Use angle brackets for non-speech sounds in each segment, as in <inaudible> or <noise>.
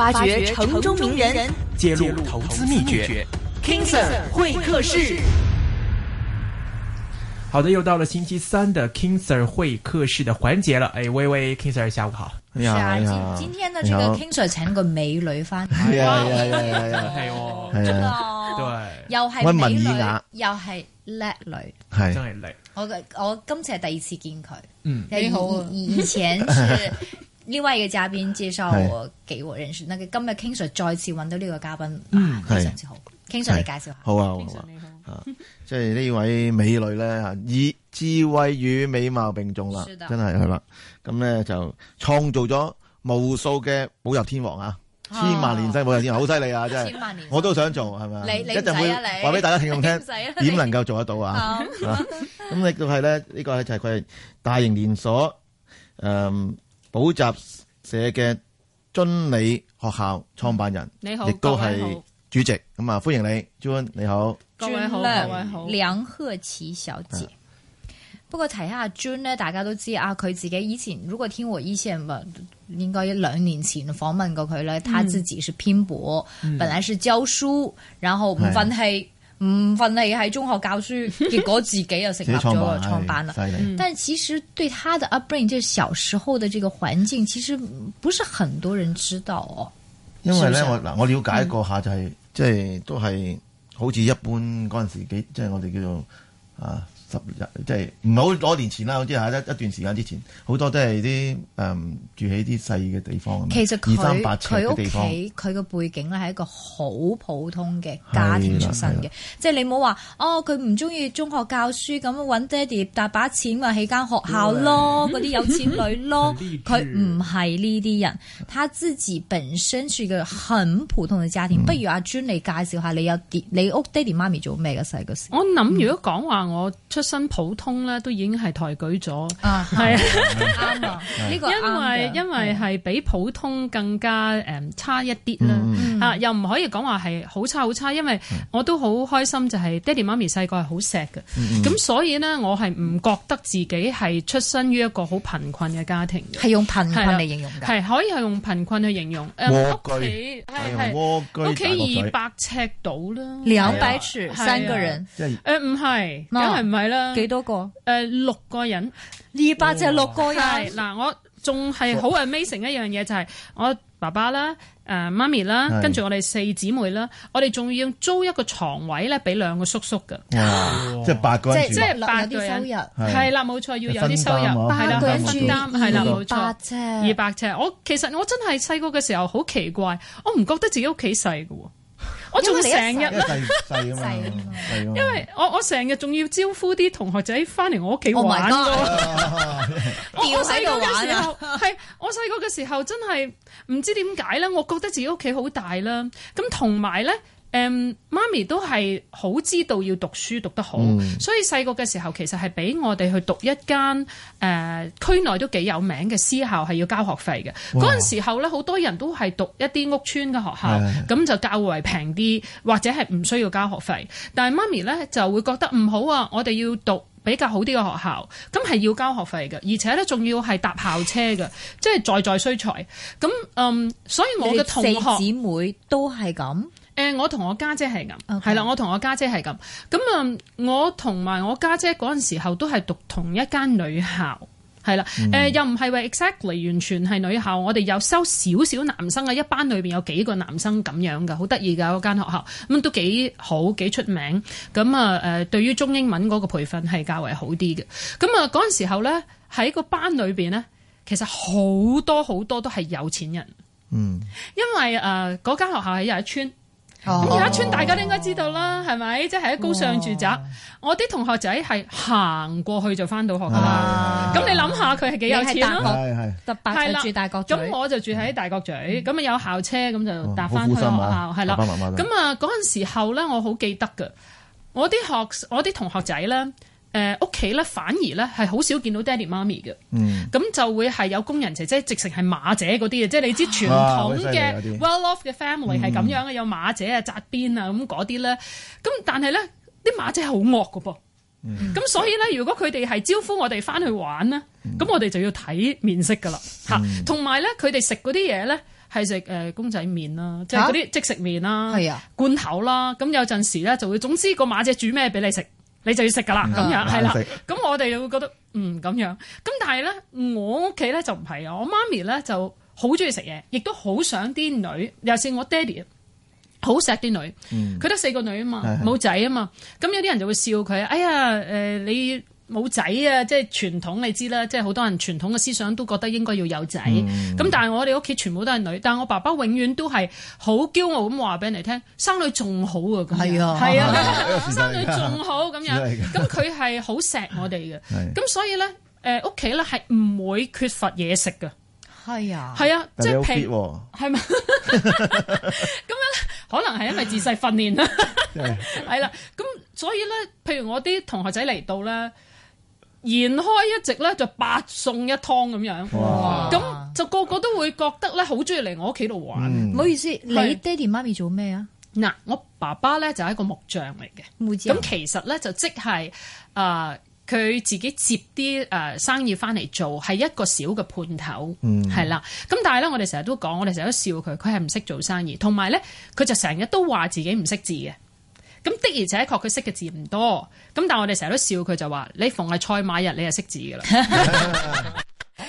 發掘城中名人，揭露投資秘訣。King Sir 會客室，好的，又到了星期三的 King Sir 會客室的環節了。哎，喂喂，King Sir 下午好。你好，你好。今天呢，這個 King Sir 請個美女返嚟。真係喎，真係。又係美女，又係叻女。真係叻。我我今次係第二次見佢，嗯，以前是呢位嘅嘉賓接受我，給我認識。嗱，佢今日 King Sir 再次揾到呢個嘉賓，非常之好。King Sir 你介紹下，好啊，好啊。好，即係呢位美女咧，以智慧與美貌並重啦，真係係啦。咁咧就創造咗無數嘅補習天王啊，千萬年薪補習天王，好犀利啊，真係。我都想做，係咪？你你使咁你，點能夠做得到啊？咁亦都係咧，呢個係就係佢係大型連鎖，誒。補習社嘅遵理學校創辦人，你好，亦都係主席，咁啊，歡迎你 June 你好。各位好，梁賀琪小姐。的不過提下 June 大家都知啊，佢自己以前，如果聽我以前話，應該一兩年前訪問過佢咧，他、嗯、自己是拼搏，嗯、本來是教書，然後唔忿氣。唔，奮力喺中學教書，結果自己又成立咗創辦啦。 <laughs> 辦但其實對他的 upbringing，即係小時候嘅這個環境，其實不是很多人知道哦。因為咧，是是我嗱，我了解過下，就係即係都係好似一般嗰陣時幾，即、就、係、是、我哋叫做啊。十即係唔係好多年前啦，好似係一一段時間之前，好多都係啲誒住喺啲細嘅地方。其實佢屋企，佢個背景咧係一個好普通嘅家庭出身嘅，即係你冇好話哦，佢唔中意中學教書，咁揾爹哋搭把錢話起間學校咯，嗰啲有錢女咯，佢唔係呢啲人，他自己本身住嘅很普通嘅家庭。不如阿尊你介紹下你有你屋爹哋媽咪做咩嘅細個時？我諗如果講話我。出身普通咧，都已經係抬舉咗，啊係啊，呢個因為因為係比普通更加誒差一啲啦，啊又唔可以講話係好差好差，因為我都好開心就係爹哋媽咪細個係好錫嘅，咁所以咧我係唔覺得自己係出身於一個好貧困嘅家庭，係用貧困嚟形容嘅，係可以係用貧困去形容，誒屋企係係屋企二百尺到啦，兩百尺三個人，誒唔係，梗係唔係。幾多個？誒、呃，六個人，二百尺六個人。係嗱、哦，我仲係好 amazing 一樣嘢就係、是、我爸爸啦，誒、呃、媽咪啦，是跟住我哋四姊妹啦，我哋仲要租一個床位咧，俾兩個叔叔嘅。的啊、即係八,八個人，即係即係八個人，係啦，冇錯，要有啲收入，八個人分擔，係啦，冇錯，二百尺，二百尺。我其實我真係細個嘅時候好奇怪，我唔覺得自己屋企細噶喎。我仲成日啦， <laughs> 因為我 <laughs> 我成日仲要招呼啲同學仔翻嚟我屋企玩。我細個嘅時候係 <laughs> 我細個嘅時候真係唔知點解咧，我覺得自己屋企好大啦。咁同埋咧。誒，媽咪都係好知道要讀書讀得好，嗯、所以細個嘅時候其實係俾我哋去讀一間誒、呃、區內都幾有名嘅私校，係要交學費嘅。嗰陣哇 時候咧，好多人都係讀一啲屋邨嘅學校，咁是的 就較為平啲，或者係唔需要交學費。但係媽咪咧就會覺得唔好啊，我哋要讀比較好啲嘅學校，咁係要交學費嘅，而且咧仲要係搭校車嘅， <coughs> 即係在，在在需財。咁嗯，所以我嘅同學姊妹都係咁。誒 Okay.，我同我家姐係咁係啦。我同我家姐係咁咁啊。我同埋我家姐嗰陣時候都係讀同一間女校係啦。誒，mm hmm. 又唔係話，exactly 完全係女校。我哋又收少少男生啊，一班裏邊有幾個男生咁樣噶，好得意噶嗰間學校咁都幾好幾出名咁啊。誒、呃，對於中英文嗰個培訓係較為好啲嘅。咁啊，嗰陣時候咧喺個班裏邊咧，其實好多好多都係有錢人，嗯、mm，hmm. 因為誒嗰間學校喺又一村。咁而家村大家都應該知道啦，係咪？哦？即係喺高尚住宅，哦，我啲同學仔係行過去就翻到學噶啦。咁，啊，你諗下，佢係幾有錢咯，啊？住大角咀，係啦。咁我就住喺大角咀，咁啊，嗯，有校車，咁就搭翻去學校，係啦，哦。咁啊嗰陣時候咧，我好記得噶，我啲學我啲同學仔咧。誒屋企咧，反而咧係好少見到爹地媽咪嘅，咁就會係有工人姐姐，直情係馬姐嗰啲嘅，即係你知傳統嘅 well-off 嘅 family 係咁樣嘅，有馬姐啊、扎邊啊咁嗰啲咧。咁但係咧，啲馬姐好惡噶噃。咁所以咧，如果佢哋係招呼我哋翻去玩咧，咁我哋就要睇面色噶啦嚇。同埋咧，佢哋食嗰啲嘢咧係食誒公仔麵啦，即係嗰啲即食麵啦、罐頭啦。咁有陣時咧就會，總之個馬姐煮咩俾你食。你就要食噶啦，咁、嗯、樣係、嗯、啦，咁、嗯、我哋又會覺得嗯咁樣，咁但係咧，我屋企咧就唔係啊，我媽咪咧就好中意食嘢，亦都好想啲女，尤其我爹哋，好錫啲女，佢得、嗯、四個女啊嘛，冇仔啊嘛，咁有啲人就會笑佢，哎呀誒、呃、你。冇仔啊！即係傳統，你知啦，即係好多人傳統嘅思想都覺得應該要有仔。咁、嗯、但係我哋屋企全部都係女，但係我爸爸永遠都係好驕傲咁話俾人哋聽，生女仲好啊咁樣！係啊，係啊，生女仲好咁樣。咁佢係好錫我哋嘅。咁的所以咧，誒屋企咧係唔會缺乏嘢食嘅。係啊的，係啊，即係平，係咪？咁樣可能係因為自細訓練啦。係 <laughs> 啦的，咁所以咧，譬如，如我啲同學仔嚟到咧。 <laughs> 延開一直咧就八餸一湯咁樣，咁哇就個個都會覺得咧好中意嚟我屋企度玩。唔、嗯、好意思，是你爹哋媽咪做咩啊？嗱，我爸爸咧就係一個木匠嚟嘅。咁匠其實咧就即係誒，佢、呃、自己接啲誒生意翻嚟做係一個小嘅判頭，係啦、嗯。咁但係咧，我哋成日都講，我哋成日都笑佢，佢係唔識做生意，同埋咧佢就成日都話自己唔識字嘅。咁的而且確，佢識嘅字唔多。咁但係我哋成日都笑佢就話：你逢係賽馬日，你就識字噶啦。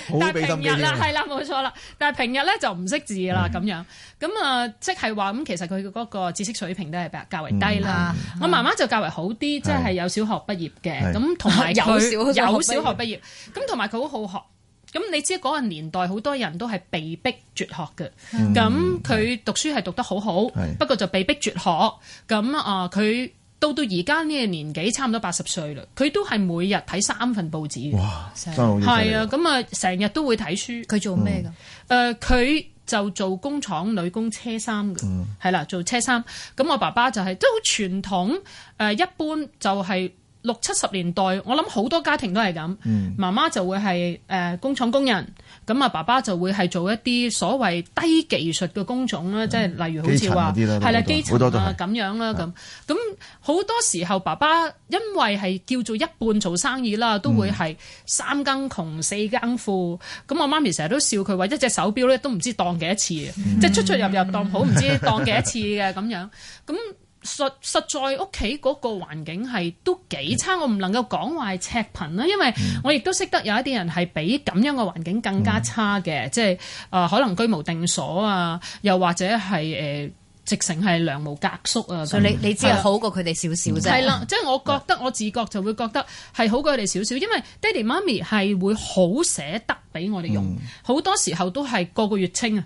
但係平日啊，係啦、嗯，冇錯啦。但係平日咧就唔識字噶啦咁樣。咁啊，即係話咁，其實佢嗰個知識水平都係較為低啦。嗯、我媽媽就較為好啲，即係的有小學畢業嘅。咁同埋有小有小學畢業。咁同埋佢好好學。咁你知嗰、那個年代好多人都係被逼輟學嘅，咁佢、嗯、讀書係讀得好好，是不過就被逼輟學。咁啊，佢到到而家呢個年紀，差唔多八十歲啦，佢都係每日睇三份報紙。哇！係天啊，咁啊，成日都會睇書。佢做咩嘅？誒、嗯、佢、呃、就做工廠女工車衫嘅，係啦、嗯，做車衫。咁我爸爸就係即係好傳統，誒，一般就係、是。六七十年代，我諗好多家庭都係咁，嗯、媽媽就會係誒工廠工人，咁啊爸爸就會係做一啲所謂低技術嘅工種啦，即係、嗯、例如好似話係啦基層啊咁樣啦咁。咁好的的多時候爸爸因為係叫做一半做生意啦，都會係三更窮四更富。咁、嗯、我媽咪成日都笑佢話，一隻手表咧都唔知當幾多次，即係出出入入當好唔知當幾多次嘅咁樣。咁 <laughs> <laughs> 實實在屋企嗰個環境係都幾差，的我唔能夠講話係赤貧啦。因為我亦都識得有一啲人係比咁樣嘅環境更加差嘅，嗯、即係誒、呃、可能居無定所啊，又或者係誒、呃、直情係糧無隔宿啊。所以你的你只係好過佢哋少少啫。係啦，即係我覺得、嗯、我自覺就會覺得係好過佢哋少少，因為爹哋媽咪係會好捨得俾我哋用，好、嗯、多時候都係個個月清啊。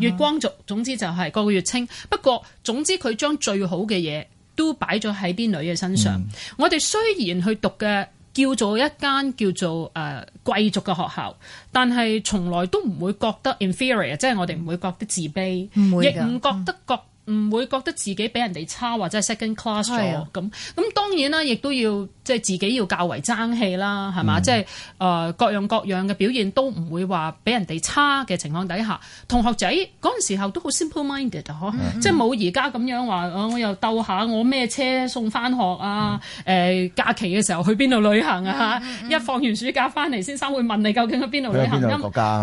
月光族，總之就係個個月清。不過總之佢將最好嘅嘢都擺咗喺啲女嘅身上。嗯，我哋雖然去讀嘅叫做一間叫做誒貴族嘅學校，但係從來都唔會覺得 inferior，即係我哋唔會覺得自卑，唔會亦唔覺得覺。唔會覺得自己比人哋差或者係 second class 咗咁，咁當然啦，亦都要即係自己要較為爭氣啦，係嘛？即係誒各樣各樣嘅表現都唔會話比人哋差嘅情況底下，同學仔嗰陣時候都好 simple minded 呵，即係冇而家咁樣話，我又鬥下我咩車送翻學啊？誒假期嘅時候去邊度旅行啊？一放完暑假翻嚟，先生會問你究竟去邊度旅行？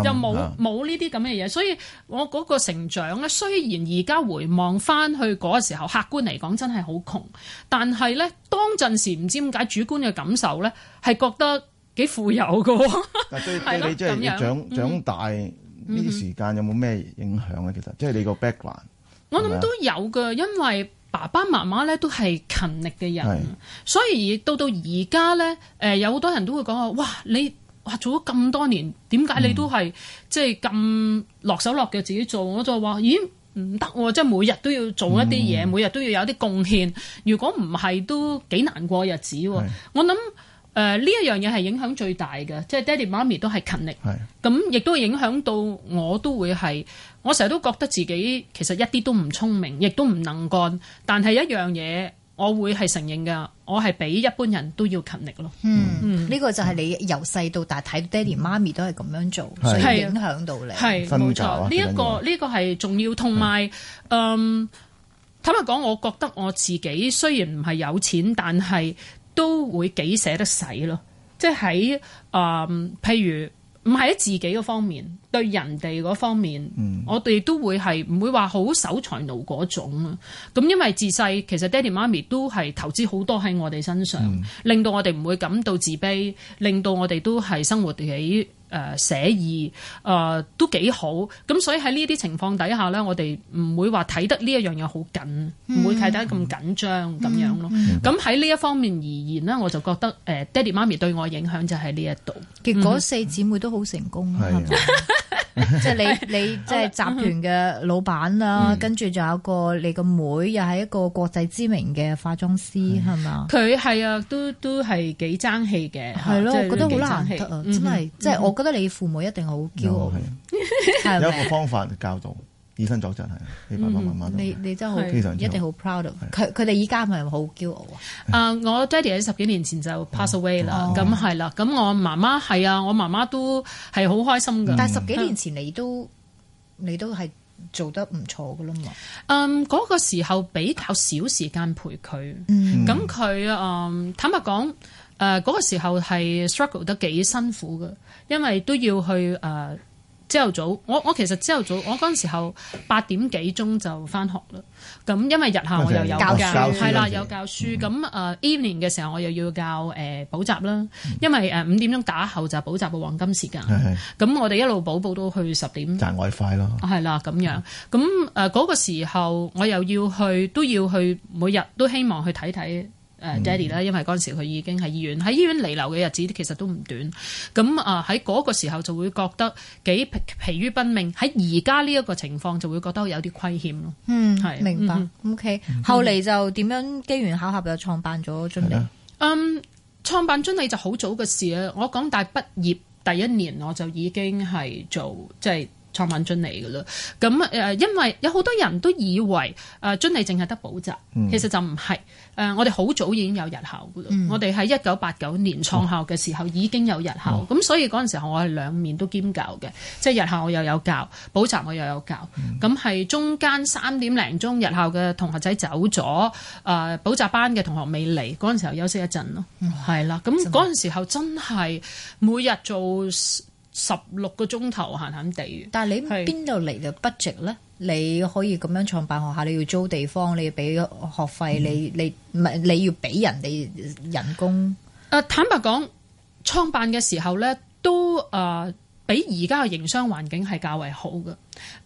又冇冇呢啲咁嘅嘢，所以我個成長咧，雖然而家回望。翻去嗰個時候，客觀嚟講真係好窮，但係咧當陣時唔知點解，主觀嘅感受咧係覺得幾富有嘅。係對 <laughs> 的你即係長、嗯、長大呢段時間有冇咩影響咧？其實有有、嗯、即係你個 background，我諗都有嘅，因為爸爸媽媽咧都係勤力嘅人，的所以到到而家咧，誒有好多人都會講話：，哇，你哇做咗咁多年，點解你都係、嗯、即係咁落手落腳自己做？我就話：，咦？咦唔得喎，即係每日都要做一啲嘢，嗯、每日都要有啲貢獻，如果唔係都幾難過日子喎。是我諗誒呢一樣嘢係影響最大嘅，即係爹哋媽咪都係勤力，咁是亦都影響到我都會係，我成日都覺得自己其實一啲都唔聰明，亦都唔能幹，但係一樣嘢。我會係承認㗎，我係比一般人都要勤力咯。嗯，呢、嗯、個就係你由細到大睇爹哋媽咪都係咁樣做，嗯、所以影響到你。係，冇錯。呢一個呢、呢個係重要，同埋係嗯坦白講，我覺得我自己雖然唔係有錢，但係都會幾捨得使咯。即係喺嗯，譬如。唔係喺自己嗰方面，對人哋嗰方面，嗯、我哋都會係唔會話好守財奴嗰種啊，咁因為自細其實爹哋媽咪都係投資好多喺我哋身上，嗯、令到我哋唔會感到自卑，令到我哋都係生活喺誒、呃、寫意誒、呃、都幾好，咁所以喺呢啲情況底下咧，我哋唔會話睇得呢一樣嘢好緊，唔、嗯、會睇得咁緊張咁、嗯、樣咯。咁喺呢一方面而言咧，我就覺得誒爹哋媽咪對我影響就喺呢一度，結果、嗯、四姊妹都好成功啦。嗯的. <laughs> 即係你你即係集團嘅老闆啦，跟住仲有個你個妹，又係一個國際知名嘅化妝師，係嘛？佢係啊，都都係幾爭氣嘅，係咯，我覺得好難得啊，真係，即係我覺得你父母一定好驕傲，係有一個方法教導。以身作則，係啊，慢慢慢慢，你，你真係好，的一定好 proud o 佢，佢哋依家咪好驕傲啊！啊，uh, 我 daddy 喺十幾年前就 pass away 啦，咁係啦，咁我媽媽係啊，我媽媽都係好開心噶。但係十幾年前你都的你都係做得唔錯噶咯。嗯，嗰個時候比較少時間陪佢，嗯、um.，咁佢啊，坦白講，誒、uh, 嗰個時候係 struggle 得幾辛苦噶，因為都要去誒。Uh, 朝頭早，我我其實朝頭早，我嗰陣時候八點幾鐘就返學啦。咁因為日下我又有教，教書，係啦、嗯、有教書。咁誒、呃、，evening 嘅時候我又要教誒、呃、補習啦。因為誒五、呃、點鐘打後就補習嘅黃金時間。咁係係，我哋一路補補到去十點。就係外快咯。係啦、啊，咁樣。咁誒嗰個時候，我又要去都要去，每日都希望去睇睇。誒，爹哋啦，因為嗰陣時佢已經喺醫院喺醫院彌留嘅日子，其實都唔短。咁啊，喺嗰個時候就會覺得幾疲於奔命。喺而家呢一個情況就會覺得有啲虧欠咯。嗯，係是明白。O K，後嚟就點樣機緣巧合就創辦咗遵理。嗯的，um, 創辦遵理就好早嘅事啦。我講大畢業第一年我就已經係做即係。就是創文遵理嘅咯，咁誒，因為有好多人都以為誒遵理淨係得補習，嗯、其實就唔係誒。我哋好早已經有日校嘅，嗯、我哋喺一九八九年創校嘅時候已經有日校，咁、嗯嗯、所以嗰陣時候我係兩面都兼教嘅，即係日校我又有教，補習我又有教，咁係、嗯、中間三點零鐘日校嘅同學仔走咗，誒補習班嘅同學未嚟，嗰陣時候休息一陣咯，係、嗯、啦，咁嗰陣時候真係每日做。十六個鐘頭，閒閒地。但係你邊度嚟嘅 budget 咧？是你可以咁樣創辦學校，你要租地方，你要俾學費、嗯，你你唔係你要俾人哋人工。誒、啊，坦白講，創辦嘅時候咧，都誒、呃，比而家嘅營商環境係較為好嘅。誒、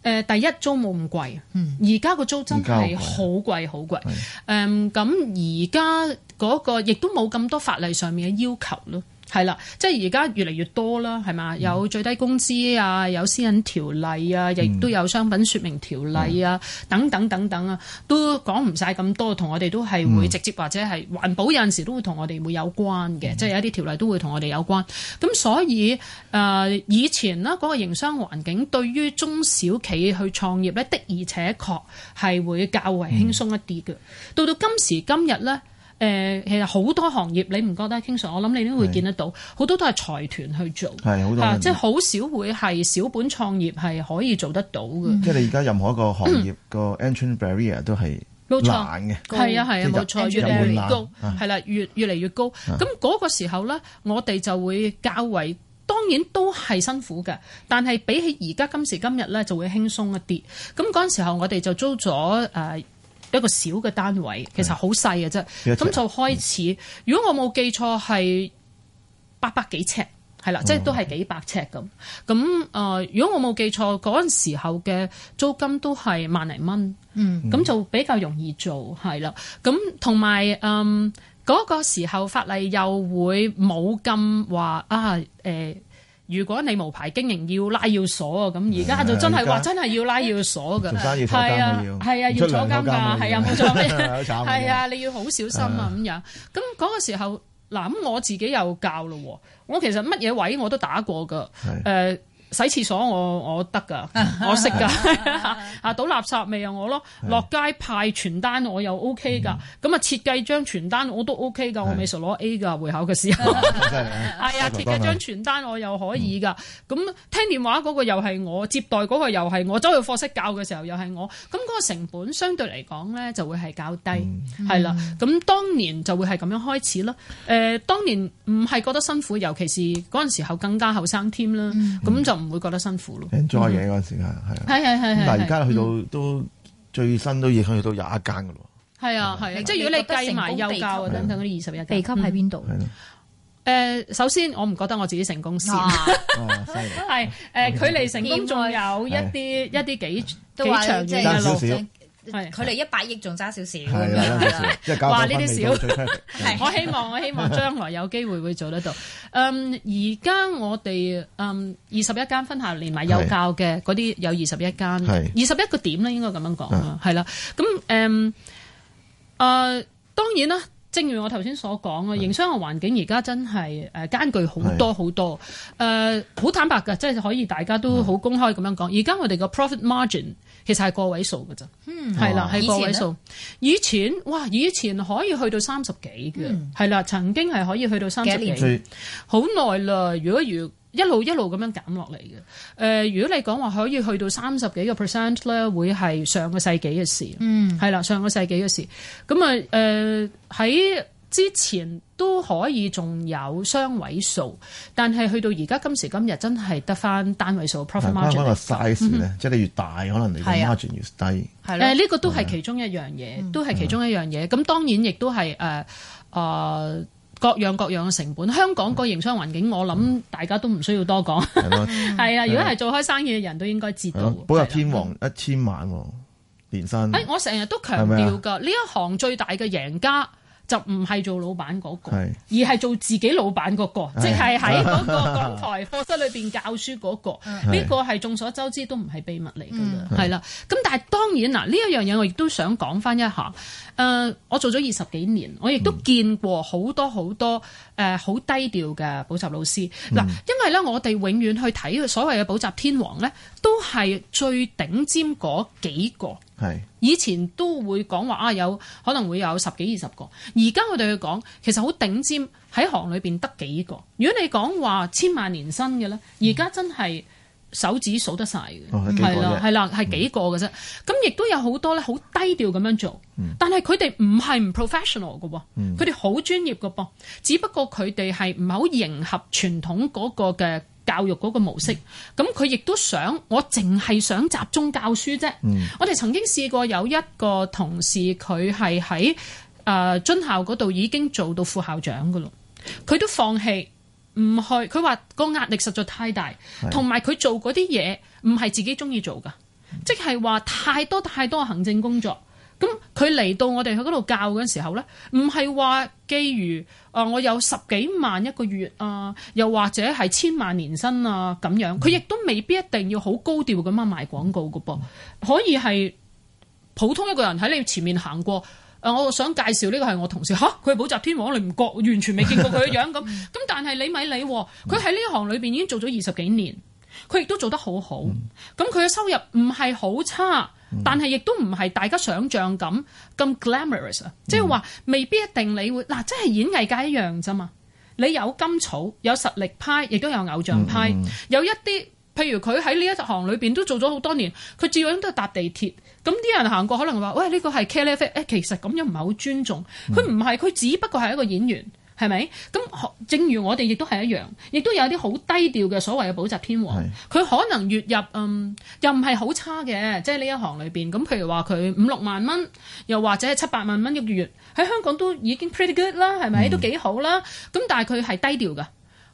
呃，第一租冇咁貴，而家個租真係好貴好貴。誒，咁而家嗰個亦都冇咁多法例上面嘅要求咯。係啦，即係而家越嚟越多啦，係嘛？有最低工資啊，有私隱條例啊，亦都有商品説明條例啊，嗯、等等等等啊，都講唔晒咁多。同我哋都係會直接或者係環保有陣時都會同我哋會有關嘅，即係、嗯、一啲條例都會同我哋有關。咁所以誒、呃，以前啦嗰個營商環境對於中小企去創業咧的而且確係會較為輕鬆一啲嘅。到、嗯、到今時今日咧。誒，其實好多行業你唔覺得經常，我諗你都應該會見得到，好多都係財團去做，係好多，即係好少會係小本創業係可以做得到嘅。嗯嗯、即係你而家任何一個行業個 entry barrier 都係難嘅，係啊係啊，冇錯越嚟越高，係啦，越越嚟越高。咁嗰、啊、個時候咧，我哋就會較為當然都係辛苦嘅，但係比起而家今時今日咧，就會輕鬆一啲。咁嗰陣時候，我哋就租咗誒，呃呃呃嗯一個小嘅單位其實好細嘅啫，咁的就開始。嗯、如果我冇記錯係八百幾尺，係啦，即係都係幾百尺咁。咁誒、呃，如果我冇記錯嗰陣時候嘅租金都係萬零蚊，咁、嗯、就比較容易做，係啦。咁同埋誒嗰個時候法例又會冇咁話啊誒。呃如果你無牌經營要拉要鎖啊，咁而家就真係話真係要拉要鎖㗎，係啊，係啊，要坐監㗎，係啊，冇錯，係啊，你要好小心啊咁樣。咁嗰個時候嗱，我自己又教咯，我其實乜嘢位我都打過㗎，誒。洗廁所我我得噶，我識噶，啊倒垃圾咪又我咯，落街派傳單我又 O K 噶，咁啊設計張傳單我都 O K 噶，我美術攞 A 噶，會考嘅時候，係啊貼一張傳單我又可以噶，咁聽電話嗰個又係我，接待嗰個又係我，走去課室教嘅時候又係我，咁嗰個成本相對嚟講咧就會係較低，係啦，咁當年就會係咁樣開始啦，誒當年唔係覺得辛苦，尤其是嗰陣時候更加後生添啦，咁就。唔會覺得辛苦咯，enjoy 嘢嗰陣時間，係啊，係係係係。嗱而家去到都最新都已經去到廿一間嘅咯，係啊係啊，即係如果你計埋幼教等等嗰啲二十一間。地級喺邊度？誒，首先我唔覺得我自己成功先，係誒，距離成功仲有一啲一啲幾幾長遠嘅路。係佢哋一百億仲差少少，最最哇！呢啲少，我希望我希望將來有機會會做得到。嗯，而家我哋嗯二十一間分校連埋幼教嘅嗰啲有二十一間，二十一個點咧應該咁樣講係啦。咁的嗯誒、呃，當然啦，正如我頭先所講啊，營的商嘅環境而家真係誒艱巨好多好多。誒的，好、呃、坦白嘅，即係可以大家都好公開咁樣講。而家我哋個 profit margin。其實係個位數㗎咋，係啦、嗯，係個位數。以前，以前哇，以前可以去到三十幾嘅，係啦、嗯，曾經係可以去到三十、嗯、幾年，好耐啦。如果如果一路一路咁樣減落嚟嘅，誒、呃，如果你講話可以去到三十幾個 percent 咧，會係上個世紀嘅事，係啦、嗯，上個世紀嘅事。咁啊，誒、呃、喺。之前都可以仲有雙位數，但係去到而家今時今日真係得翻單位數。profit margin 個 size 咧，即係你越大，可能你 margin 越低。係啦，誒呢個都係其中一樣嘢，都係其中一樣嘢。咁當然亦都係誒誒各樣各樣嘅成本。香港個營商環境，我諗大家都唔需要多講。係啦，如果係做開生意嘅人都應該知道。補習天王一千萬年薪。誒，我成日都強調㗎，呢一行最大嘅贏家。就唔係做老闆嗰、那個，是而係做自己老闆嗰、那個，即係喺嗰個講台課室裏邊教書嗰、那個。呢是個係眾所周知都唔係秘密嚟噶，係啦、嗯。咁但係當然嗱，呢一樣嘢我亦都想講翻一下。誒、嗯呃，我做咗二十幾年，我亦都見過好多好多誒好、呃、低調嘅補習老師嗱。嗯、因為咧，我哋永遠去睇所謂嘅補習天王咧，都係最頂尖嗰幾個。係，是以前都會講話啊，有可能會有十幾二十個。而家我哋去講，其實好頂尖，喺行裏邊得幾個。如果你講話千萬年薪嘅咧，而家、嗯、真係手指數得晒嘅，係、哦、啦，係啦，係幾個嘅啫。咁亦、嗯、都有好多咧，好低調咁樣做，但係佢哋唔係唔 professional 嘅喎，佢哋好專業嘅噃，只不過佢哋係唔係好迎合傳統嗰個嘅。教育嗰個模式，咁佢、嗯、亦都想我淨係想集中教書啫。嗯、我哋曾經試過有一個同事，佢係，喺、呃、誒津校嗰度已經做到副校長嘅咯，佢都放棄唔去。佢話個壓力實在太大，同埋佢做嗰啲嘢唔係自己中意做噶，即係話太多太多行政工作。咁佢嚟到我哋喺嗰度教嗰陣時候咧，唔係話，基於啊，我有十幾萬一個月啊，又或者係千萬年薪啊咁樣，佢亦都未必一定要好高調咁樣賣廣告㗎噃，可以係普通一個人喺你前面行過，誒，我想介紹呢個係我同事嚇，佢係補習天王，你唔覺完全未見過佢嘅樣咁，咁 <laughs> 但係你咪理，佢喺呢一行裏邊已經做咗二十幾年。佢亦都做得好好，咁佢嘅收入唔係好差，嗯、但係亦都唔係大家想象咁咁 glamorous 啊！Glam ous，嗯、即係話未必一定你會，嗱、啊，即係演藝界一樣咋嘛？你有甘草，有實力派，亦都有偶像派，嗯嗯、有一啲譬如佢喺呢一行裏邊都做咗好多年，佢照樣都係搭地鐵，咁啲人行過可能話，喂，呢、這個係 careless，誒，其實咁樣唔係好尊重。佢唔係，佢只不過係一個演員。係咪？咁正如我哋亦都係一樣，亦都有啲好低調嘅所謂嘅補習天王，佢是可能月入嗯，又唔係好差嘅，即係呢一行裏邊。咁譬如話佢五六萬蚊，又或者係七八萬蚊一個月，喺香港都已經 pretty good 啦，係咪？嗯、都幾好啦。咁但係佢係低調㗎，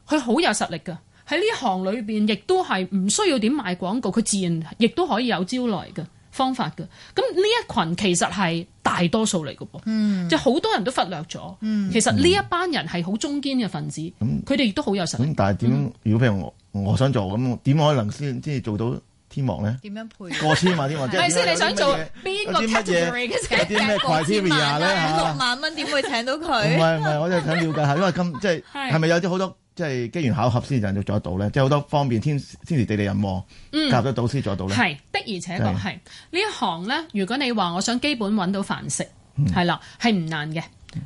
佢好有實力㗎。喺呢行裏邊，亦都係唔需要點賣廣告，佢自然亦都可以有招來嘅。方法嘅，咁呢一群其實係大多數嚟嘅噃，即係好多人都忽略咗。其實呢一班人係好中堅嘅分子，佢哋亦都好有神。但係點？如果譬如我我想做咁，點可能先即係做到天王咧？點樣配過千萬天王？係咪先，你想做邊個 category 嘅？有啲咩 criteria 咧？五六萬蚊點會請到佢？唔係唔係，我就想了解下，因為今即係係咪有啲好多？即係機緣巧合先能夠做得到咧，即係好多方面天天時地利人和，夾、嗯、得到先做得到咧。係的，而且確係呢一行咧。如果你話我想基本揾到飯食，係啦、嗯，係唔難嘅。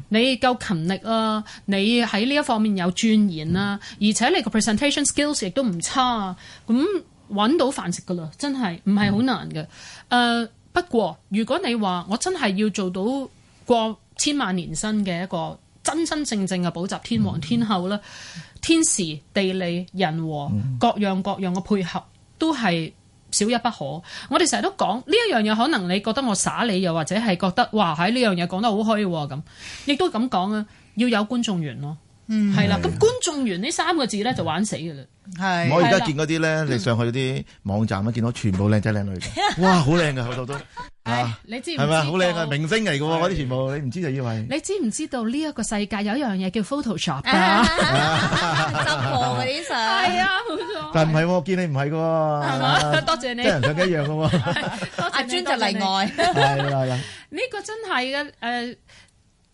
你夠勤力啊，你喺呢一方面有鑽研啊，嗯、而且你個 presentation skills 亦都唔差啊。咁揾到飯食噶啦，真係唔係好難嘅。誒、嗯，uh，不過如果你話我真係要做到過千萬年薪嘅一個。真真正正嘅補習天王天后啦，天時地利人和，各樣各樣嘅配合都係少一不可。我哋成日都講呢一樣嘢，可能你覺得我耍你，又或者係覺得哇，喺呢樣嘢講得好虛喎咁，亦都咁講啊，要有觀眾緣咯。嗯，係啦，咁觀眾緣呢三個字咧就玩死噶啦。係，我而家見嗰啲咧，你上去啲網站咧，見到全部靚仔靚女，哇，好靚噶好多都。係，你知唔知？係咪好靚噶明星嚟噶？嗰啲全部你唔知就以為。你知唔知道呢一個世界有一樣嘢叫 Photoshop 啊？十部嗰啲相係啊，好錯。但唔係，我見你唔係噶。係嘛？多謝你。啲人同佢一樣噶。阿尊就例外。係啦係啦。呢個真係嘅，誒。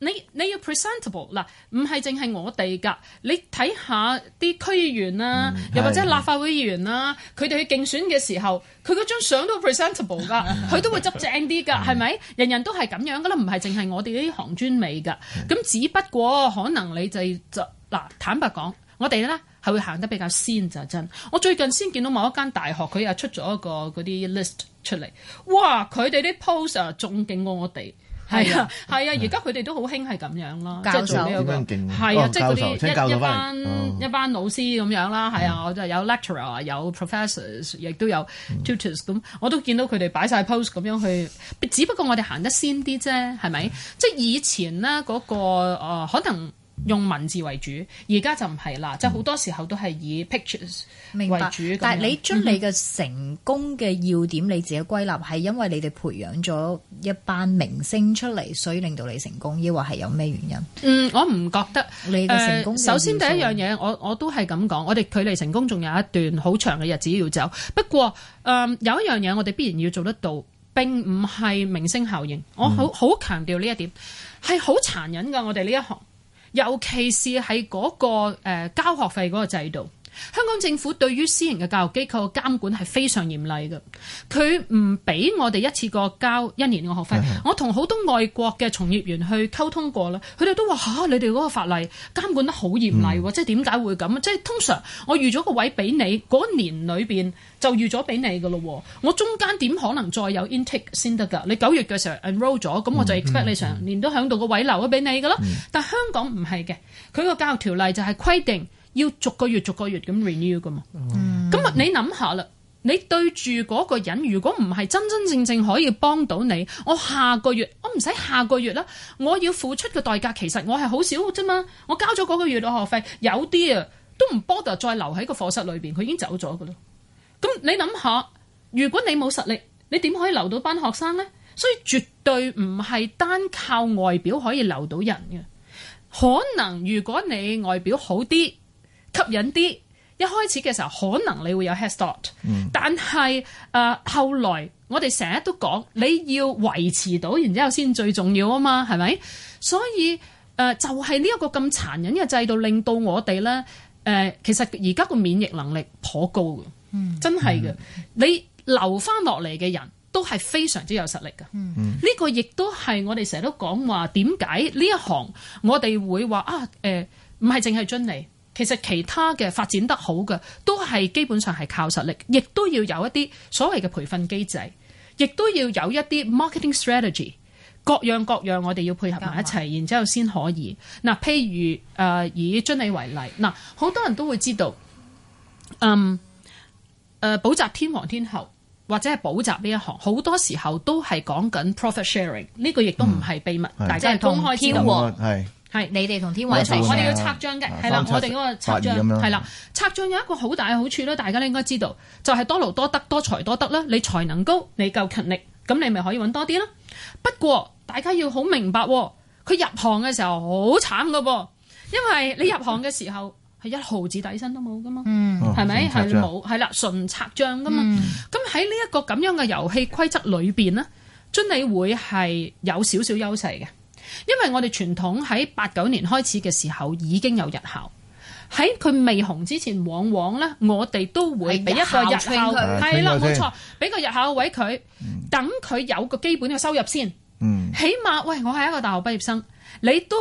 你你要 presentable 嗱，唔係淨係我哋噶。你睇下啲區議員啦、啊，又或者立法會議員啦、啊，佢哋去競選嘅時候，佢嗰張相都 presentable 噶，佢 <laughs> 都會執正啲噶，係咪？ <laughs> 人人都係咁樣噶啦，唔係淨係我哋呢行專美噶。咁 <laughs> 只不過可能你就就嗱坦白講，我哋咧係會行得比較先就是、真。我最近先見到某一間大學佢又出咗一個嗰啲 list 出嚟，哇！佢哋啲 post 仲勁過我哋。係啊，係啊，而家佢哋都好興係咁樣咯，教授點樣勁？係、呢個、啊，授即係嗰啲一班、哦、一班老師咁樣啦，係啊，嗯、我就有 lecturer 有 professors，亦都有 tutors，咁我都見到佢哋擺晒 post 咁樣去，只不過我哋行得先啲啫，係咪？ <laughs> 即係以前咧、那、嗰個、呃、可能。用文字為主，而家就唔係啦，即係好多時候都係以 pictures 明白，為主。但係你將你嘅成功嘅要點你自己歸納，係、嗯、因為你哋培養咗一班明星出嚟，所以令到你成功，抑或係有咩原因？嗯，我唔覺得你嘅成功、呃。首先第一樣嘢，我我都係咁講，我哋距離成功仲有一段好長嘅日子要走。不過誒、呃、有一樣嘢我哋必然要做得到，並唔係明星效應。我好好強調呢一點，係好殘忍㗎。我哋呢一行。尤其是係嗰、嗰個誒、呃、交學費嗰個制度。香港政府對於私營嘅教育機構嘅監管係非常嚴厲嘅，佢唔俾我哋一次過交一年嘅學費。是是我同好多外國嘅從業員去溝通過啦，佢哋都話嚇、啊，你哋嗰個法例監管得好嚴厲喎、嗯，即係點解會咁？即係通常我預咗個位俾你，嗰年裏面就預咗俾你嘅咯。我中間點可能再有 intake 先得㗎？你九月嘅時候 enroll 咗，咁、嗯、我就 expect、嗯嗯、你成年都喺度個位留咗俾你嘅咯。嗯嗯、但香港唔係嘅，佢個教育條例就係規定。要逐個月逐個月咁 renew 噶嘛？咁啊、嗯，你諗下啦，你對住嗰個人，如果唔係真真正正可以幫到你，我下個月我唔使下個月啦，我要付出嘅代價，其實我係好少啫嘛。我交咗嗰個月嘅學費，有啲啊都唔 bother 再留喺個課室裏邊，佢已經走咗噶啦。咁你諗下，如果你冇實力，你點可以留到班學生呢？所以絕對唔係單靠外表可以留到人嘅。可能如果你外表好啲，吸引啲一,一開始嘅時候，可能你會有 head start，但係誒、呃、後來我哋成日都講你要維持到，然之後先最重要啊嘛，係咪？所以誒、呃、就係呢一個咁殘忍嘅制度，令到我哋咧誒其實而家個免疫能力頗高嘅，嗯，真係嘅。嗯、你留翻落嚟嘅人都係非常之有實力嘅，嗯嗯。呢個亦都係我哋成日都講話點解呢一行我哋會話啊誒，唔係淨係遵理。呃呃其實其他嘅發展得好嘅，都係基本上係靠實力，亦都要有一啲所謂嘅培訓機制，亦都要有一啲 marketing strategy，各樣各樣我哋要配合埋一齊，然之後先可以。嗱，譬如誒以遵理為例，嗱、呃、好多人都會知道，嗯誒、呃、補習天王天后或者係補習呢一行，好多時候都係講緊 profit sharing，呢個亦都唔係秘密，嗯、大家即公開天道。嗯係你哋同天王一齊，我哋要拆賬嘅。係啦，我哋嗰個拆賬，係啦 82，拆賬有一個好大嘅好處咧，大家咧應該知道，就係、是、多勞多得，多才多得啦。你才能高，你夠勤力，咁你咪可以揾多啲啦。不過大家要好明白，佢入行嘅時候好慘噶噃，因為你入行嘅時候係 <laughs> 一毫子底薪都冇噶嘛，係咪、嗯？係冇，係啦，純拆賬噶嘛。咁喺呢一個咁樣嘅遊戲規則裏邊呢，遵理會係有少少優勢嘅。因為我哋傳統喺八九年開始嘅時候已經有日校，喺佢未紅之前，往往咧我哋都會俾一個日校，係啦，冇錯、嗯，俾個日校嘅位佢，等佢有個基本嘅收入先。嗯、起碼喂，我係一個大學畢業生，你都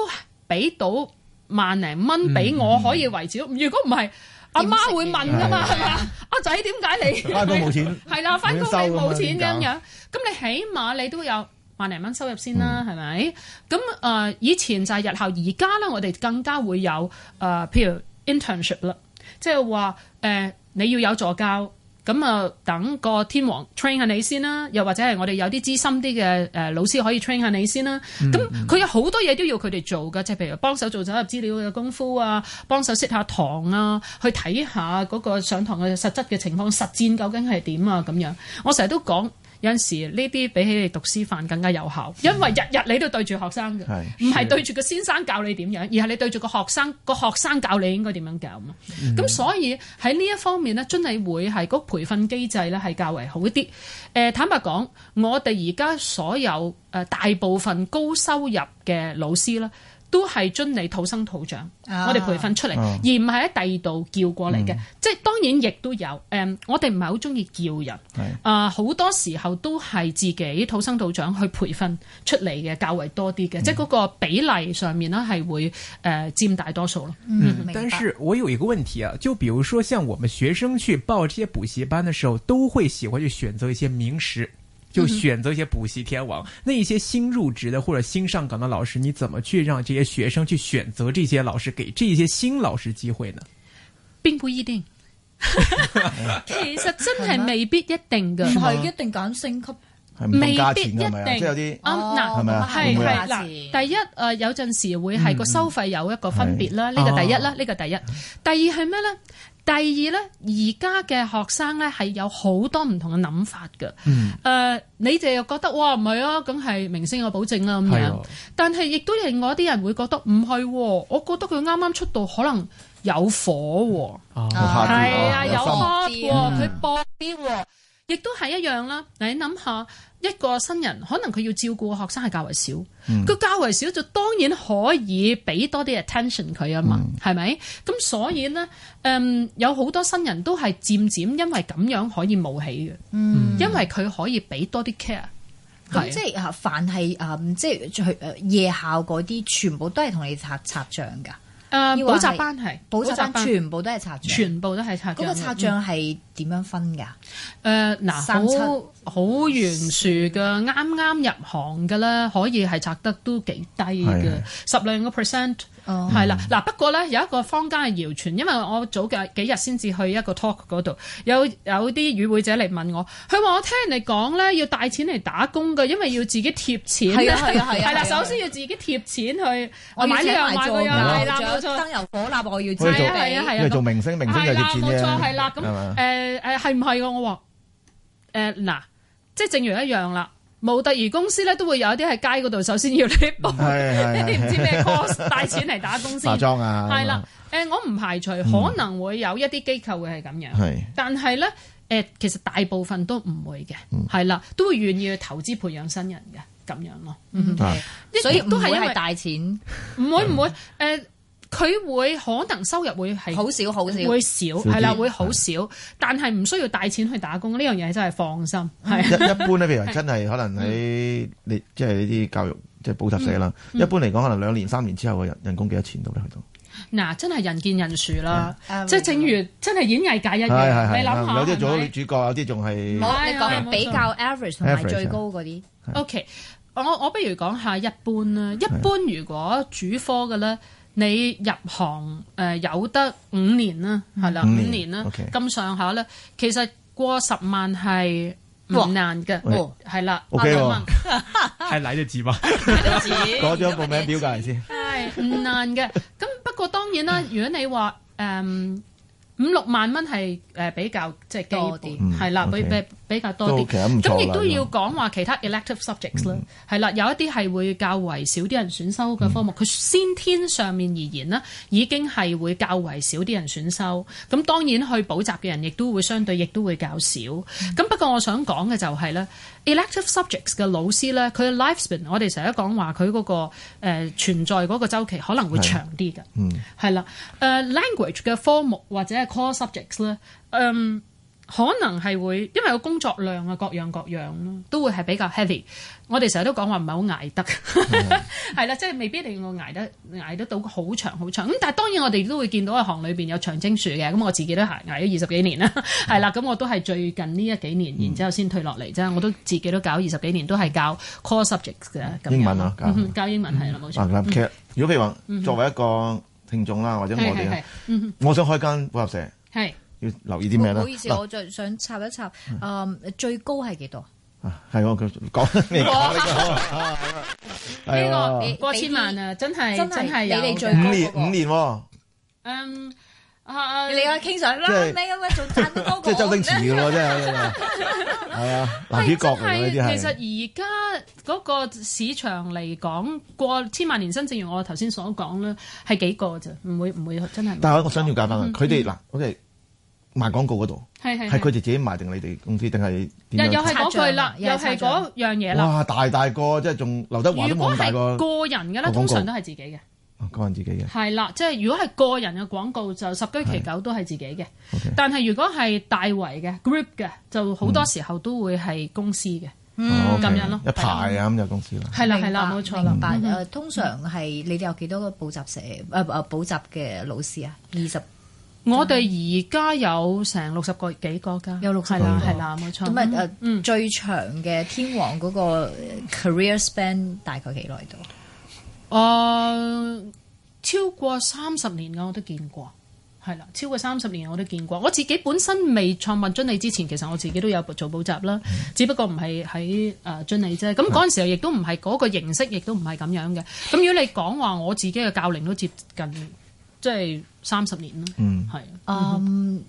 俾到萬零蚊俾我、嗯、可以維持。如果唔係，阿媽會問噶嘛，係嘛？阿仔點解你？翻工冇錢，係啦，翻工你冇錢咁樣。咁你起碼你都有萬零蚊收入先啦，係咪、嗯？咁啊、嗯，以前就係日後，而家咧，我哋更加會有啊、呃，譬如 internship 啦，即係話誒，你要有助教，咁啊，等個天王 train 下你先啦，又或者係我哋有啲資深啲嘅誒老師可以 train 下你先啦。咁佢、嗯嗯、有好多嘢都要佢哋做噶，即係譬如幫手做走入資料嘅功夫啊，幫手識下堂啊，去睇下嗰個上堂嘅實質嘅情況，實戰究竟係點啊咁樣。我成日都講。有陣時呢啲比起你讀師範更加有效，因為日日你都對住學生嘅，唔係的對住個先生教你點樣，而係你對住個學生，個學生教你應該點樣教。咁，所以喺呢一方面呢真係會係、個培訓機制咧係較為好啲。誒、呃，坦白講，我哋而家所有誒、呃、大部分高收入嘅老師咧，都係遵理土生土長，啊、我哋培訓出嚟，啊、而唔係喺第二度叫過嚟嘅。嗯、即係當然亦都有，誒，我哋唔係好中意叫人，啊、嗯，好、呃、多時候都係自己土生土長去培訓出嚟嘅，較為多啲嘅，嗯、即係嗰個比例上面啦，係會誒佔大多數咯。嗯、白但是我有一個問題啊，就比如說，像我們學生去報這些補習班的時候，都會喜歡去選擇一些名師。就選擇一些補習天王，那一些新入職的或者新上崗的老師，你怎麼去讓這些學生去選擇這些老師，給這些新老師機會呢？並不一定，其實真係未必一定噶，唔係一定揀升級，啊、未必一定。即係有啲啱拿係係嗱，第一誒，有陣時會係個收費有一個分別啦，呢個第一啦，呢個第一。啊、第二係咩咧？第二咧，而家嘅學生咧係有好多唔同嘅諗法嘅。誒、嗯呃，你哋又覺得哇唔係啊，咁係明星有保證啦咁樣。的但係亦都另外一啲人會覺得唔係、啊，我覺得佢啱啱出道可能有火喎、啊，係啊有 h 佢搏啲喎，亦都係一樣啦、啊。你諗下？一個新人可能佢要照顧學生係較為少，個、嗯、較為少就當然可以俾多啲 attention 佢啊嘛，係咪？咁所以咧，誒、嗯、有好多新人都係漸漸因為咁樣可以冒起嘅，嗯、因為佢可以俾多啲 care。係、即係啊，凡係啊，即係誒夜校嗰啲，全部都係同你拆拆帳㗎。誒、啊、補習班係補，習補習班，全部都係拆賬，全部都係拆賬。嗰個拆賬係點樣分㗎？誒嗱，好好懸殊嘅，啱啱入行嘅咧，可以係拆得都幾低嘅，是的 十零個 percent。係啦，嗱，不過咧有一個坊間嘅謠傳，因為我早幾日先至去一個 talk 嗰度，有有啲與會者嚟問我，佢話我聽人哋講咧要帶錢嚟打工嘅，因為要自己貼錢咧，係啊係啊，係啦，首先要自己貼錢去，我買呢個買嗰個，係啦冇錯，燈油火蠟我要知。係啊係啊係啊，因為做明星明星就係錢，冇錯係啦，咁誒誒係唔係嘅我話，誒嗱，即係正如一樣啦。模特兒公司咧都會有一啲喺街嗰度，首先要你報一啲唔知咩 course 帶錢嚟打公司，化妝啊。係啦，誒，我唔排除可能會有一啲機構會係咁樣，但係咧，誒，其實大部分都唔會嘅，係啦，都會願意去投資培養新人嘅咁樣咯。嗯，係，所以都係因為帶錢，唔會唔會，誒。佢會可能收入會係好少，好少會少，係啦，會好少，但係唔需要帶錢去打工呢樣嘢真係放心。係一般咧，譬如真係可能喺你即係呢啲教育即係補習社啦。一般嚟講，可能兩年三年之後嘅人人工幾多錢到咧？去到嗱，真係人見人殊啦。即係正如真係演藝界一樣，你諗下有啲做女主角，有啲仲係冇。比較 average 同埋最高嗰啲。OK，我我不如講下一般啦。一般如果主科嘅咧。你入行誒、呃、有得五年啦，係啦、嗯，五年啦，咁上下咧，其實過十萬係唔難嘅，係哇啦，八萬蚊係奶隻字嘛，攞張報名表格嚟先，係唔、嗯嗯 okay. <laughs> 難嘅。咁不過當然啦，如果你話誒五六萬蚊係誒比較即係多啲，係啦、嗯，okay. 比較多啲，咁亦都要講話其他 elective subjects 啦、嗯，係啦，有一啲係會較為少啲人選修嘅科目，佢、嗯、先天上面而言啦，已經係會較為少啲人選修。咁當然去補習嘅人亦都會相對亦都會較少。咁、嗯、不過我想講嘅就係、是、咧、嗯、elective subjects 嘅老師咧，佢嘅 lifespan，我哋成日講話佢嗰個、呃、存在嗰個週期可能會長啲嘅，係、嗯、啦，誒、呃、language 嘅科目或者係 core subjects 咧、呃，誒、嗯。可能係會，因為個工作量啊，各樣各樣都會係比較 heavy。我哋成日都講話唔係好捱得，係啦的， <laughs> 即係未必令我捱得捱得到好長好長。咁但係當然我哋都會見到行裏邊有長青樹嘅。咁我自己都捱捱咗二十幾年啦，係啦、嗯，咁我都係最近呢一幾年，然之後先退落嚟啫。我都自己都搞二十幾年，都係教 core subjects 嘅英文啊，教，啊教英文係啦，冇、嗯、錯。嗯、如果譬如話作為一個聽眾啦，或者我哋，的的我想開間補習社，係。要留意啲咩咧？唔好意思，我再想插一插。嗯，最高係幾多？啊，係我佢講你講呢個。呢個過千萬啊，真係真係有你最。年五年。嗯啊，你個傾上拉尾咁啊，做更高。即係周星馳嘅咯，真係。係啊，男主角嚟嘅啲係。其實而家嗰個市場嚟講，過千萬年薪，正如我頭先所講咧，係幾個啫，唔會唔會真係。但係我想要解翻佢哋嗱，OK。賣廣告嗰度係係，係佢哋自己賣定你哋公司定係？又又係嗰句啦，又係嗰樣嘢啦。哇，大大個即係仲劉德華都冇咁大個。個人嘅啦，通常都係自己嘅。個人自己嘅係啦，即係如果係個人嘅廣告就十居其九都係自己嘅。但係如果係大圍嘅 group 嘅，就好多時候都會係公司嘅。咁樣咯，一排啊咁就公司啦。係啦係啦，冇錯啦。明白。誒，通常係你哋有幾多個補習社？誒誒，補習嘅老師啊，二十。我哋而家有成六十個幾個㗎，有六十個，係啦，係啦，冇錯。咁咪誒，嗯、最長嘅天王嗰個 career span 大概幾耐到？誒、呃，超過三十年嘅我都見過，係啦，超過三十年我都見過。我自己本身未創辦遵理之前，其實我自己都有做補習啦， <laughs> 只不過唔係喺誒遵理啫。咁嗰陣時候亦都唔係嗰個形式，亦都唔係咁樣嘅。咁如果你講話我自己嘅教齡都接近，即、就、係、係。三十年咯，嗯，係、啊，嗯哼，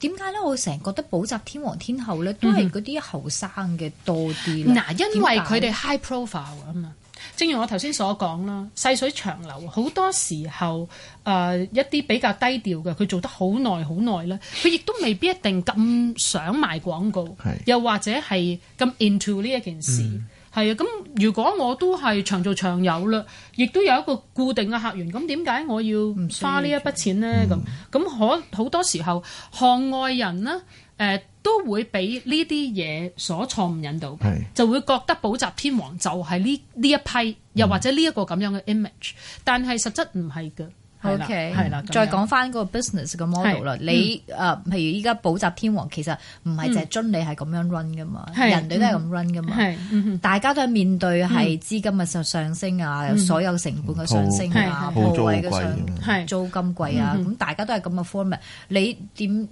點解咧？我成日覺得補習天王天后咧，都係嗰啲後生嘅多啲。嗱，因為佢哋 high profile 啊嘛。正如我頭先所講啦，細水長流，好多時候，誒、呃、一啲比較低調嘅，佢做得好耐好耐咧，佢亦都未必一定咁想賣廣告，是又或者係咁 into 呢一件事。嗯係啊，咁如果我都係長做長有啦，亦都有一個固定嘅客源，咁點解我要唔花呢一筆錢呢？咁咁可好多時候，行外人呢誒、呃、都會俾呢啲嘢所錯誤引導，是的 就會覺得補習天王就係呢呢一批，又或者呢一個咁樣嘅 image，嗯、但係實質唔係嘅。O K，係啦，再講翻個 business 嘅 model 啦。你誒，譬如依家補習天王，其實唔係淨係遵理係咁樣 run 噶嘛，人類都係咁 run 噶嘛。大家都係面對係資金嘅上升啊，所有成本嘅上升啊，鋪位嘅上升，租金貴啊，咁大家都係咁嘅 format。你點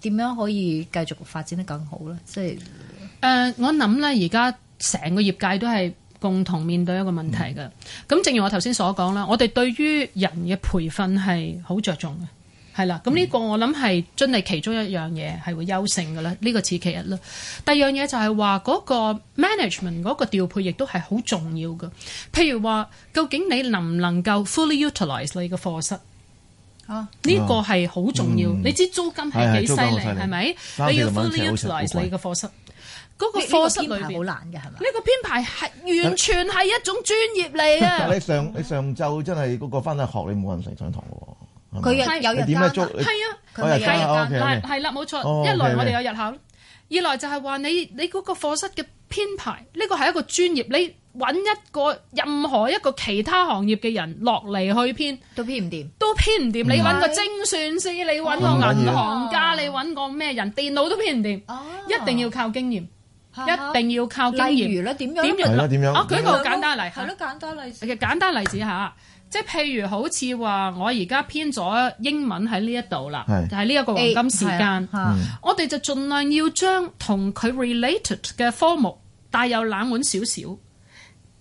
點樣可以繼續發展得更好咧？即係誒，我諗咧，而家成個業界都係。共同面對一個問題嘅，咁、嗯、正如我頭先所講啦，我哋對於人嘅培訓係好着重嘅，係啦，咁呢個我諗係真係其中一樣嘢係會優勝嘅咧，呢、呢個此其一啦。第二樣嘢就係話嗰個 management 嗰個調配亦都係好重要嘅，譬如話究竟你能唔能夠 fully utilize 你嘅課室啊？呢個係好重要，嗯、你知租金係幾犀利，係咪、哎？吧單純 你要 fully utilize 你嘅課室。嗰個課室裏邊，呢個編排好難嘅係嘛？呢個編排係完全係一種專業嚟啊！但你上你上晝真係嗰個返嚟學，你冇人成上堂喎。佢有人點咩足？啊，佢哋加入，係啦冇錯。一來我哋有日口，二來就係話你你嗰個課室嘅編排，呢個係一個專業。你揾一個任何一個其他行業嘅人落嚟去編，都編唔掂，都編唔掂。你揾個精算師，你揾個銀行家，你揾個咩人，電腦都編唔掂。一定要靠經驗。一定要靠經驗。啦，點樣點樣點樣啊，舉、啊、個簡單例子，係咯，簡單例子。其實簡單例子吓，即係譬如好似話我而家編咗英文喺呢一度啦，係就係呢一個黃金時間吓，A，啊啊、我哋就盡量要將同佢 related 嘅科目，帶有冷門少少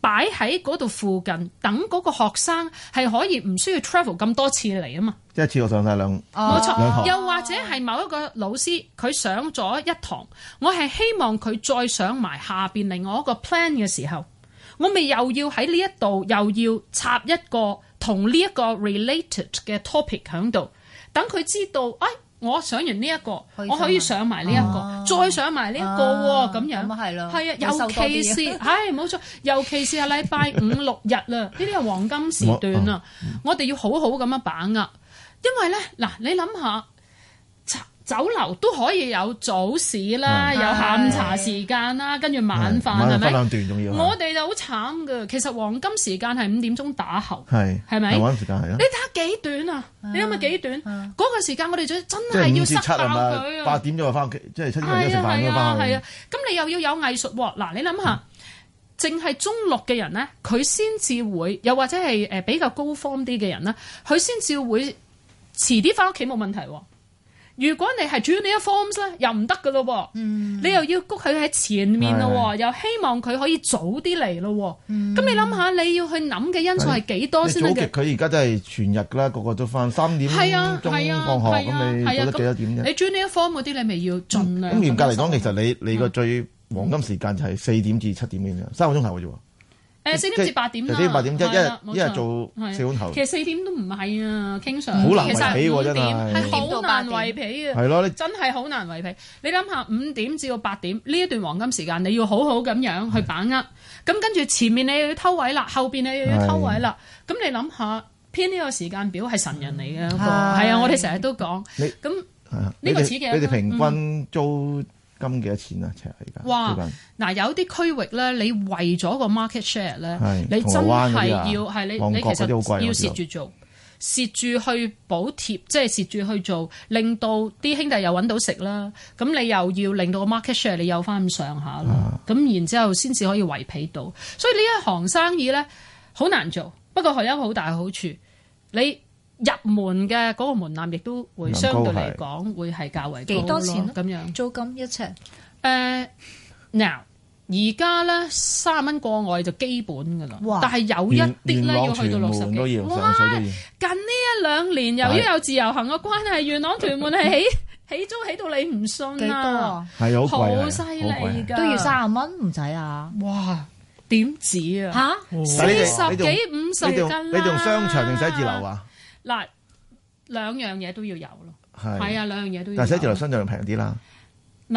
擺喺度附近，等個學生係可以唔需要 travel 咁多次嚟啊嘛。即係次我上曬兩，冇錯、啊。行又或者係某一個老師，佢上咗一堂，我係希望佢再上埋下邊另外一個 plan 嘅時候，我咪又要喺呢一度又要插一個同呢一個 related 嘅 topic 喺度，等佢知道啊、哎！我上完呢、這、一個，啊、我可以上埋呢一個，啊、再上埋呢一個喎，咁樣。咁係咯，係啊，尤其是唉，冇 <laughs> 錯，尤其是係禮拜五六日啦，呢啲係黃金時段啊， <laughs> 我哋要好好咁樣把握。因為咧嗱，你諗下，酒樓都可以有早市啦，有下午茶時間啦，跟住晚飯係咪？我哋就好慘噶。其實黃金時間係五點鐘打後係係咪？黃金時間係咯，你打幾短啊？你諗下幾短嗰個時間，我哋仲真係要塞爆佢，八點鐘就返屋企，即係七點鐘塞爆咁返去。咁你又要有藝術喎嗱？你諗下，淨係中六嘅人咧，佢先至會，又或者係誒比較高方啲嘅人咧，佢先至會，遲啲翻屋企冇問題喎，如果你係追呢一 form 咧，又唔得噶咯喎，你又要谷佢喺前面咯，是的 又希望佢可以早啲嚟咯，咁、嗯、你諗下你要去諗嘅因素係幾多先得嘅？佢而家真係全日噶啦，個個都翻三點放學，係啊，係啊，咁你做得幾多點啫？你追呢一 form 嗰啲，你咪要盡量咁守。咁嚴格嚟講，其實你你個最黃金時間就係四點至七點咁樣，三個鐘頭嘅啫。誒，四點至八點啦，一日做四頭。其實四點都唔係啊，King Sir。好難為皮喎真係，係五點到八點。係咯，真係好難為皮。你諗下五點至到八點呢一段黃金時間，你要好好咁樣去把握。咁跟住前面你又要偷位啦，後邊你又要偷位啦。咁你諗下編呢個時間表係神人嚟嘅，係啊，我哋成日都講。咁呢個似嘅，你哋平均做金幾多錢啊？其實而家哇，嗱近、啊、有啲區域咧，你為咗個 market share 咧，你真係要係你你，其實要蝕住做，蝕住去補貼，即係蝕住去做，令到啲兄弟又揾到食啦。咁你又要令到個 market share 你有翻咁上下啦。咁、啊、然之後先至可以圍皮到。所以呢一行生意咧好難做，不過佢有一個好大嘅好處，你。入門嘅嗰個門檻亦都會相對嚟講會係較為幾多錢咯？咁樣租金一尺誒，嗱而家咧三十蚊過外就基本噶啦，但係有一啲咧要去到六十幾。哇！近呢一兩年由於有自由行嘅關係，元朗屯門係起起租起到你唔信啊！係好貴，好犀利噶，都要三十蚊唔使啊！哇！點止啊？吓，四十幾五十斤啦？你仲商場定寫字樓啊？嗱，兩樣嘢都要有咯，係啊的，的兩樣嘢都要有。但係寫字樓相對平啲啦。嗱，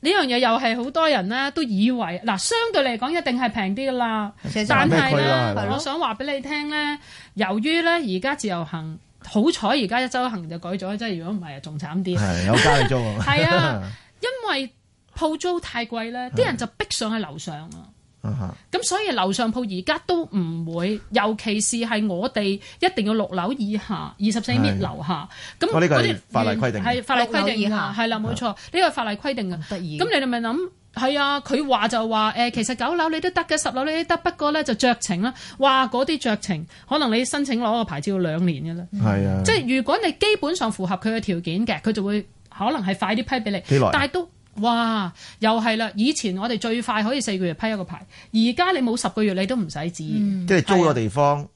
呢樣嘢又係好多人咧都以為，嗱，相對嚟講一定係平啲噶啦。寫字樓喺咩區啊？的我想話俾你聽咧，的由於咧而家自由行，好彩而家一周行就改咗，即係如果唔係啊，仲慘啲。係有加嘅租。係啊， <laughs> 因為鋪租太貴咧，啲 <laughs> 人就逼上喺樓上啊。咁、啊、所以樓上鋪而家都唔會，尤其是係我哋一定要六樓以下二十四米樓下。咁的我呢個法例規定係、嗯、法例規定，以下，係啦，冇錯呢個的法例規定嘅。得意。咁你哋咪諗係啊？佢話就話誒，其實九樓你都得嘅，十樓你都得，不過咧就酌情啦。話嗰啲酌情，可能你申請攞個牌照要兩年嘅啦。係啊的，嗯、即係如果你基本上符合佢嘅條件嘅，佢就會可能係快啲批俾你。久但係都。哇！又係啦，以前我哋最快可以四個月批一個牌，而家你冇十個月你都唔使止，嗯、即係租個地方。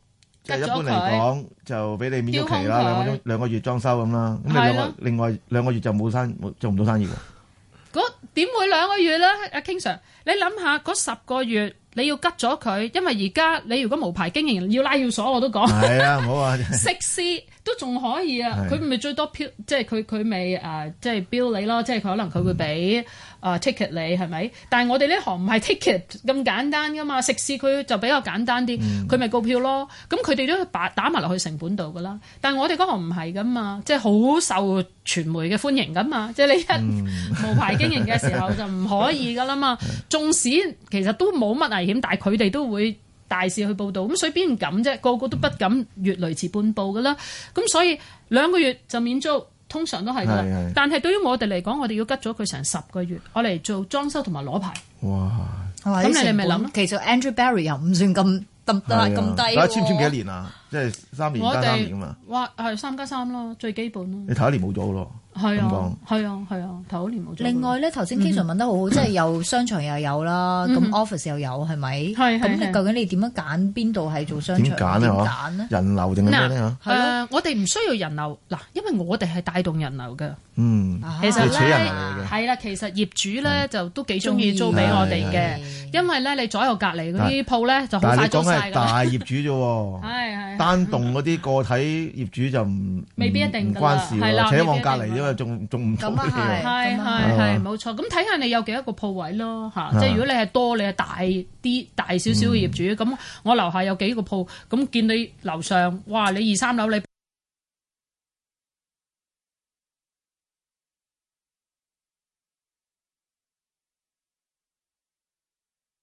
即係的一般嚟講他就俾你免租期啦，兩個鐘兩個月裝修咁啦。咁你兩的另外另外兩個月就冇生，的做唔到生意喎。嗰點會兩個月咧？阿 King Sir，你諗下嗰十個月。你要拮咗佢，因為而家你如果無牌經營，要拉要鎖我都講。係啊，唔好話。息絲 <laughs> 都仲可以啊，佢咪是的 最多即係佢佢咪誒，即係標、呃、你咯，即係佢可能佢會俾。嗯啊，ticket 你係咪？但係我哋呢行唔係 ticket 咁簡單噶嘛，食肆佢就比較簡單啲，佢咪、嗯、告票咯。咁佢哋都打打埋落去成本度噶啦。但係我哋嗰行唔係噶嘛，即係好受傳媒嘅歡迎噶嘛，即係你一無牌經營嘅時候就唔可以噶啦嘛。嗯、 <laughs> 縱使其實都冇乜危險，但係佢哋都會大肆去報導，咁所以邊敢啫？個個都不敢越雷池半步噶啦。咁所以兩個月就免租。通常都係㗎，是的 但係對於我哋嚟講，是的 我哋要吉咗佢成十個月，我嚟做裝修同埋攞牌。哇！咁你哋咪諗咯，本其實 Andrew Barry 又唔算咁，咁的、啊、低喎、啊。而家簽簽幾多年啊？即係三年加三年㗎哇，係三加三咯，最基本咯。你頭一年冇咗咯。係啊，係啊，係啊！頭一年冇另外咧，頭先 Katherine 問得好好，即係有商場又有啦，咁 office 又有係咪？咁你究竟你點樣揀邊度係做商場？點揀？人流定咩？係咯，我哋唔需要人流嗱，因為我哋係帶動人流嘅。嗯，其實咧係啦，其實業主咧就都幾中意租俾我哋嘅，因為咧你左右隔離嗰啲鋪咧就好快租曬。但你講係大業主啫喎，係單棟嗰啲個體業主就未必一定㗎啦，且往隔離啫。咁啊，係，係係係，冇錯。咁睇下你有幾多個鋪位咯，吓是、啊，即係如果你係多，你係大啲，大少少嘅業主，咁、嗯、我樓下有幾個鋪，咁見你樓上，哇，你二三樓你。